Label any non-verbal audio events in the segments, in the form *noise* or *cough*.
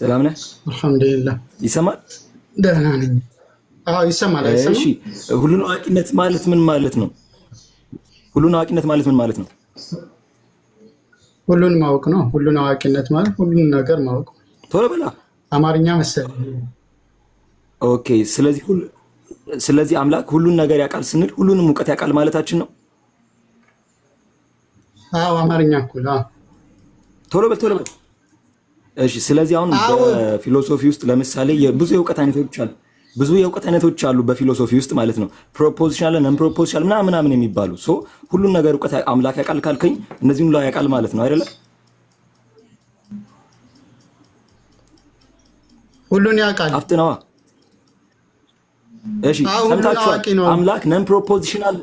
ሰላም ነህ? አልሐምዱሊላህ። ይሰማል? ደህና ነኝ። አዎ ይሰማል። እሺ፣ ሁሉን አዋቂነት ማለት ምን ማለት ነው? ሁሉን አዋቂነት ማለት ምን ማለት ነው? ሁሉን ማወቅ ነው። ሁሉን አዋቂነት ማለት ሁሉን ነገር ማወቅ። ቶሎ በላ አማርኛ መሰለኝ። ኦኬ። ስለዚህ ሁሉ ስለዚህ አምላክ ሁሉን ነገር ያውቃል ስንል ሁሉንም እውቀት ያውቃል ማለታችን ነው። አዎ አማርኛ እኮ ቶሎ በል ቶሎ በል እሺ ስለዚህ አሁን በፊሎሶፊ ውስጥ ለምሳሌ ብዙ የእውቀት አይነቶች አሉ። ብዙ የእውቀት አይነቶች አሉ በፊሎሶፊ ውስጥ ማለት ነው። ፕሮፖዚሽናል፣ ነን ፕሮፖዚሽናል ምናምን ምናምን የሚባሉ ሶ ሁሉን ነገር እውቀት አምላክ ያውቃል ካልከኝ እነዚህ ሁሉ ያውቃል ማለት ነው አይደለም? ሁሉን ያውቃል አፍጥነዋ። እሺ ሰምታችኋል። አምላክ ነን ፕሮፖዚሽናል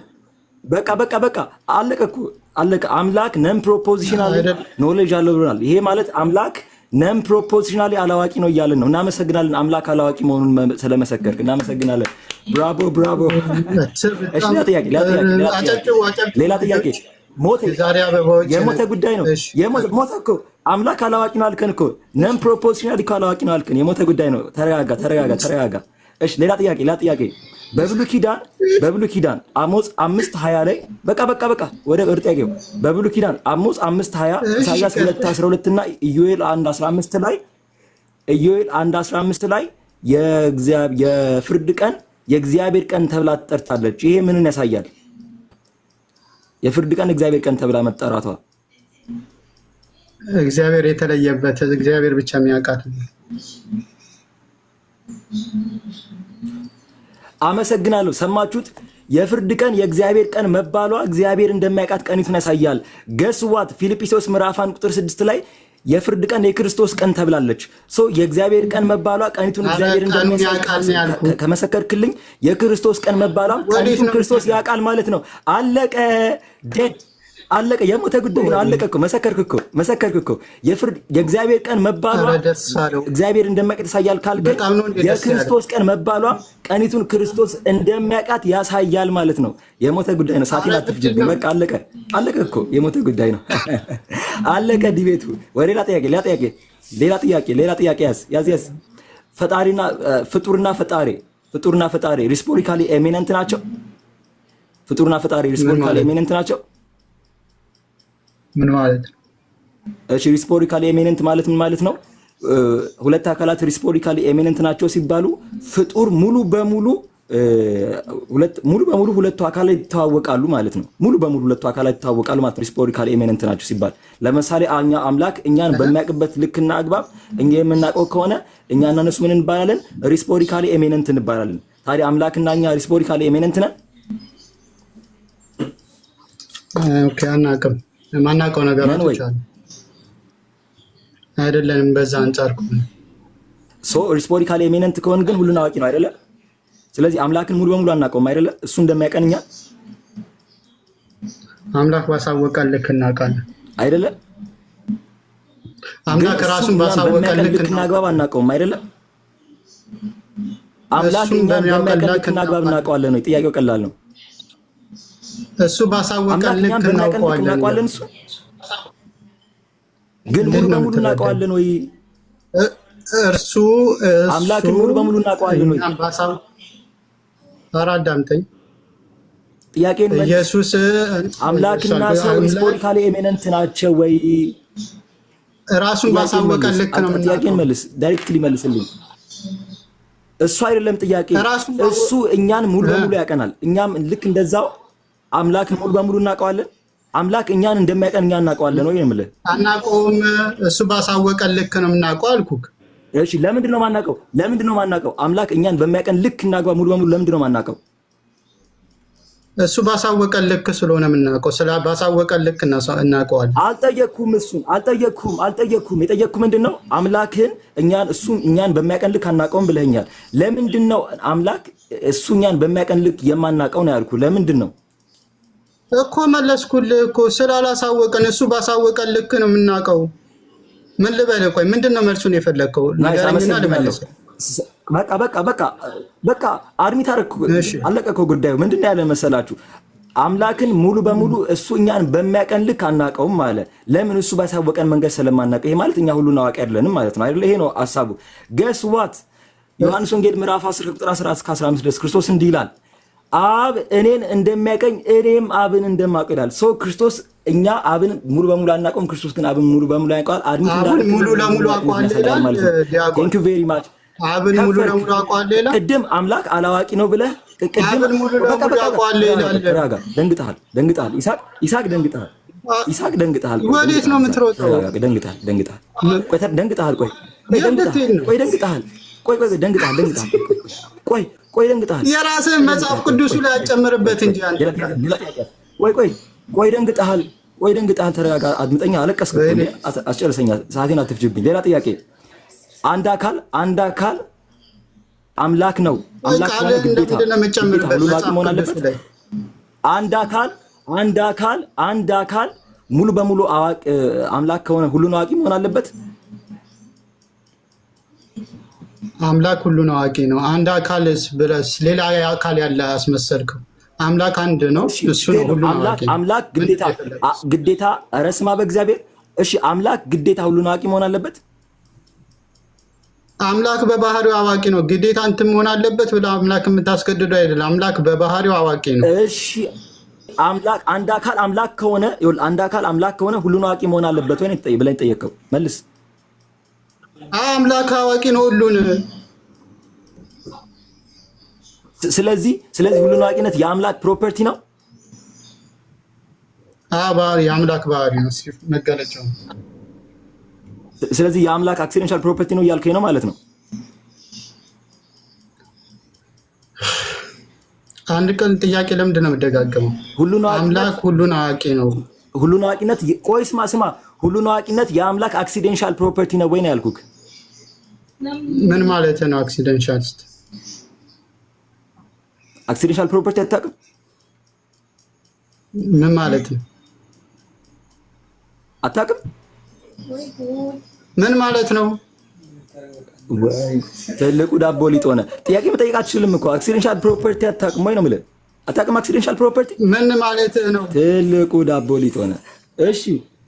በቃ በቃ በቃ አለቀ እኮ አለቀ። አምላክ ነን ፕሮፖዚሽናል ኖሌጅ አለው ብለናል። ይሄ ማለት አምላክ ነን ፕሮፖርሽናሊ አላዋቂ ነው እያለን ነው። እናመሰግናለን አምላክ አላዋቂ መሆኑን ስለመሰከርክ እናመሰግናለን። ብራቮ ብራቮ። ሌላ ጥያቄ የሞተ ጉዳይ ነው። ሞተ እኮ አምላክ አላዋቂ ነው አልከን እኮ ነን ፕሮፖርሽናሊ አላዋቂ ነው አልከን። የሞተ ጉዳይ ነው። ተረጋጋ፣ ተረጋጋ፣ ተረጋጋ። እሺ ሌላ ጥያቄ ሌላ ጥያቄ በብሉ ኪዳን በብሉ ኪዳን አሞጽ አምስት ሀያ ላይ በቃ በቃ በቃ ወደ እርጠጌው በብሉ ኪዳን አሞጽ አምስት ሀያ ኢሳያስ ሁለት አስራ ሁለት እና ኢዮኤል አንድ አስራ አምስት ላይ ኢዮኤል አንድ አስራ አምስት ላይ የፍርድ ቀን የእግዚአብሔር ቀን ተብላ ትጠርታለች። ይሄ ምንን ያሳያል? የፍርድ ቀን እግዚአብሔር ቀን ተብላ መጠራቷ እግዚአብሔር የተለየበት እግዚአብሔር ብቻ የሚያውቃት አመሰግናለሁ። ሰማችሁት? የፍርድ ቀን የእግዚአብሔር ቀን መባሏ እግዚአብሔር እንደማያውቃት ቀኒቱን ያሳያል። ገስዋት ፊልጵስዩስ ምዕራፍ አንድ ቁጥር ስድስት ላይ የፍርድ ቀን የክርስቶስ ቀን ተብላለች። ሶ የእግዚአብሔር ቀን መባሏ ቀኒቱን እግዚአብሔር እንደሚያውቅ ከመሰከርክልኝ የክርስቶስ ቀን መባሏ ቀኒቱን ክርስቶስ ያውቃል ማለት ነው። አለቀ። ደድ አለቀ። የሞተ ጉዳይ ነው። አለቀ እኮ መሰከርክ እኮ መሰከርክ እኮ የፍርድ የእግዚአብሔር ቀን መባሏ እግዚአብሔር እንደሚያውቃት ያሳያል ካልከኝ የክርስቶስ ቀን መባሏ ቀኒቱን ክርስቶስ እንደሚያውቃት ያሳያል ማለት ነው። የሞተ ጉዳይ ነው። ሳቲን አትፍጅብኝ። በቃ አለቀ። አለቀ እኮ የሞተ ጉዳይ ነው። *laughs* አለቀ። ዲቤቱ ወይ ሌላ ጥያቄ፣ ሌላ ጥያቄ፣ ሌላ ጥያቄ፣ ሌላ ጥያቄ ያዝ ያዝ ያዝ። ፈጣሪና ፍጡርና ፈጣሪ ፍጡርና ፈጣሪ ሪስፖሪካሊ ኤሚነንት ናቸው። ፍጡርና ፈጣሪ ሪስፖሪካሊ ኤሚነንት ናቸው። ምን ማለት ነው? እሺ ሪስፖሪካሊ ኤሚነንት ማለት ምን ማለት ነው? ሁለት አካላት ሪስፖሪካሊ ኤሚነንት ናቸው ሲባሉ ፍጡር ሙሉ በሙሉ ሙሉ በሙሉ ሁለቱ አካላት ይተዋወቃሉ ማለት ነው። ሙሉ በሙሉ ሁለቱ አካላት ይተዋወቃሉ ማለት ሪስፖሪካሊ ኤሚነንት ናቸው ሲባል ለምሳሌ እኛ አምላክ እኛን በሚያውቅበት ልክና አግባብ እኛ የምናውቀው ከሆነ እኛና እነሱ ምን እንባላለን? ሪስፖሪካሊ ኤሚነንት እንባላለን። ታዲያ አምላክና እኛ ሪስፖሪካሊ ኤሚነንት ነን? ኦኬ አናውቅም። የማናውቀው ነገር አሉ አይደለንም። በዛ አንጻር ሶ ሪስፖሪካል ኤሚነንት ከሆን ግን ሁሉን አዋቂ ነው አይደለ? ስለዚህ አምላክን ሙሉ በሙሉ አናውቀውም አይደለ? እሱ እንደሚያቀንኛ አምላክ ባሳወቀን ልክ እናውቃለን አይደለ? አምላክ ራሱን ባሳወቀን ልክ አግባብ አናውቀውም አይደለ? አምላክ እኛን በሚያውቀን ልክ አግባብ እናውቀዋለን ነው። ጥያቄው ቀላል ነው። እሱ ባሳወቀን ልክ እናውቀዋለን። ግን ሙሉ በሙሉ እናውቀዋለን ወይ? እርሱ አምላክን ሙሉ በሙሉ እናውቀዋለን ወይ? ኧረ አዳምጠኝ። ጥያቄን ኢየሱስ አምላክና ሰው ሂስቶሪካሊ ኤሚነንት ናቸው ወይ? ራሱን ባሳወቀ ልክ ነው። ጥያቄን መልስ፣ ዳይሬክት ሊመልስልኝ እሱ አይደለም ጥያቄ፣ እሱ እኛን ሙሉ በሙሉ ያቀናል። እኛም ልክ እንደዛው አምላክን ሙሉ በሙሉ እናውቀዋለን። አምላክ እኛን እንደሚያውቀን እኛን እናውቀዋለን ወይ የምልህ አናውቀውም። እሱ ባሳወቀን ልክ ነው የምናውቀው አልኩህ። እሺ ለምንድን ነው የማናውቀው? ለምንድን ነው የማናውቀው? አምላክ እኛን በሚያውቀን ልክ እና ሙሉ በሙሉ ለምንድን ነው የማናውቀው? እሱ ባሳወቀን ልክ ስለሆነ የምናውቀው ስለ ባሳወቀን ልክ እናውቀዋለን። አልጠየኩም፣ እሱን አልጠየኩም፣ አልጠየኩም። የጠየቅኩህ ምንድን ነው አምላክህን እኛን እሱ እኛን በሚያውቀን ልክ አናውቀውም ብለኸኛል። ለምንድን ነው አምላክ እሱ እኛን በሚያውቀን ልክ የማናውቀው ነው ያልኩህ። ለምንድን ነው እኮ መለስኩልህ እኮ ስላላሳወቀን፣ እሱ ባሳወቀን ልክ ነው የምናውቀው። ምን ልበልህ? ቆይ ምንድን ነው መልሱን የፈለግከው? በቃ በቃ በቃ በቃ አድሚት አደረግኩ፣ አለቀ እኮ ጉዳዩ። ምንድን ነው ያለ መሰላችሁ? አምላክን ሙሉ በሙሉ እሱ እኛን በሚያቀን ልክ አናውቀውም አለ። ለምን? እሱ ባሳወቀን መንገድ ስለማናውቀው። ይሄ ማለት እኛ ሁሉን አዋቂ አይደለንም ማለት ነው አይደለ? ይሄ ነው ሀሳቡ። ገስ ዋት ዮሐንስ ወንጌል ምዕራፍ 10 ቁጥር 14 እስከ 15 ድረስ ክርስቶስ እንዲህ ይላል አብ እኔን እንደሚያቀኝ እኔም አብን እንደማውቅ ይላል። ሰው ክርስቶስ እኛ አብን ሙሉ በሙሉ አናውቀውም። ክርስቶስ ግን አብን ሙሉ በሙሉ ያውቀዋል። አድሚት ሙሉ ለሙሉ አውቀዋል ማለት ነው። ቴንክ ዩ ቬሪ ማች አብን ሙሉ ለሙሉ አውቀዋል ሌላ ቅድም አምላክ አላዋቂ ነው ብለህ ሙሉ ለሙሉ ራጋ ደንግጠሃል፣ ወዴት ነው ቆይ ቆይ፣ ደንግጠሃል፣ ደንግጠሃል፣ ቆይ ቆይ፣ ደንግጠሃል፣ ደንግጠሃል። ቆይ ደንግጠሃል ቆይ ቆይ ደንግጠሃል። የራስህን መጽሐፍ ቅዱሱ ላይ አጨምርበት እንጂ አንተ። ቆይ ቆይ ቆይ ደንግጠሃል። ቆይ ደንግጠሃል። ተረጋጋ፣ አድምጠኛ። አለቀስክ፣ አስጨርሰኛ። ሰዓቴን አትፍጅብኝ። ሌላ ጥያቄ። አንድ አካል አንድ አካል አምላክ ነው። አምላክ ማለት ግዴታ ሁሉ ባቂ መሆን አለበት። አንድ አካል አንድ አካል አንድ አካል ሙሉ በሙሉ አምላክ ከሆነ ሁሉን አዋቂ መሆን አለበት። አምላክ ሁሉን አዋቂ ነው። አንድ አካል ብለስ ሌላ አካል ያለ አስመሰልከው። አምላክ አንድ ነው። እሱ ነው ሁሉን አዋቂ። አምላክ ግዴታ ኧረ በእግዚአብሔር። እሺ አምላክ ግዴታ ሁሉን አዋቂ መሆን አለበት? አምላክ በባህሪው አዋቂ ነው። ግዴታ እንትን መሆን አለበት ብለ አምላክ የምታስገድደው አይደለም። አምላክ በባህሪው አዋቂ ነው። እሺ አምላክ አንድ አካል አምላክ ከሆነ አንድ አካል አምላክ ከሆነ ሁሉን አዋቂ መሆን አለበት ወይ ብለህ ጠየቀው መልስ አምላክ አዋቂ ነው ሁሉን። ስለዚህ ስለዚህ ሁሉን አዋቂነት የአምላክ ፕሮፐርቲ ነው። ባህሪ የአምላክ ባህሪ ነው፣ መገለጫው። ስለዚህ የአምላክ አክሲደንሻል ፕሮፐርቲ ነው እያልከኝ ነው ማለት ነው። አንድ ቀን ጥያቄ ለምንድን ነው የምደጋገመው? አምላክ ሁሉን አዋቂ ነው። ሁሉን አዋቂነት ቆይ ስማ ስማ፣ ሁሉን አዋቂነት የአምላክ አክሲደንሻል ፕሮፐርቲ ነው ወይ ነው ያልኩህ። ምን ማለት ነው? አክሲደንሻል አክሲደንሻል ፕሮፐርቲ አታውቅም? ምን ማለት ነው? አታውቅም? ምን ማለት ነው? ትልቁ ዳቦ ሊጥ ሆነ። ጥያቄ መጠየቅ አትችልም እኮ አክሲደንሻል ፕሮፐርቲ አታውቅም ወይ ነው የምልህ። አታውቅም አክሲደንሻል ፕሮፐርቲ ምን ማለት ነው? ትልቁ ዳቦ ሊጥ ሆነ። እሺ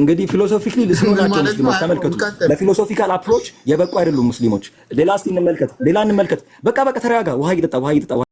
እንግዲህ ፊሎሶፊካሊ ልስሉ ሙስሊሞች። ተመልከቱ፣ ለፊሎሶፊካል አፕሮች የበቁ አይደሉም ሙስሊሞች። ሌላ እስኪ እንመልከት፣ ሌላ እንመልከት። በቃ በቃ ተረጋጋ። ውሃ እየጠጣ ውሃ እየጠጣ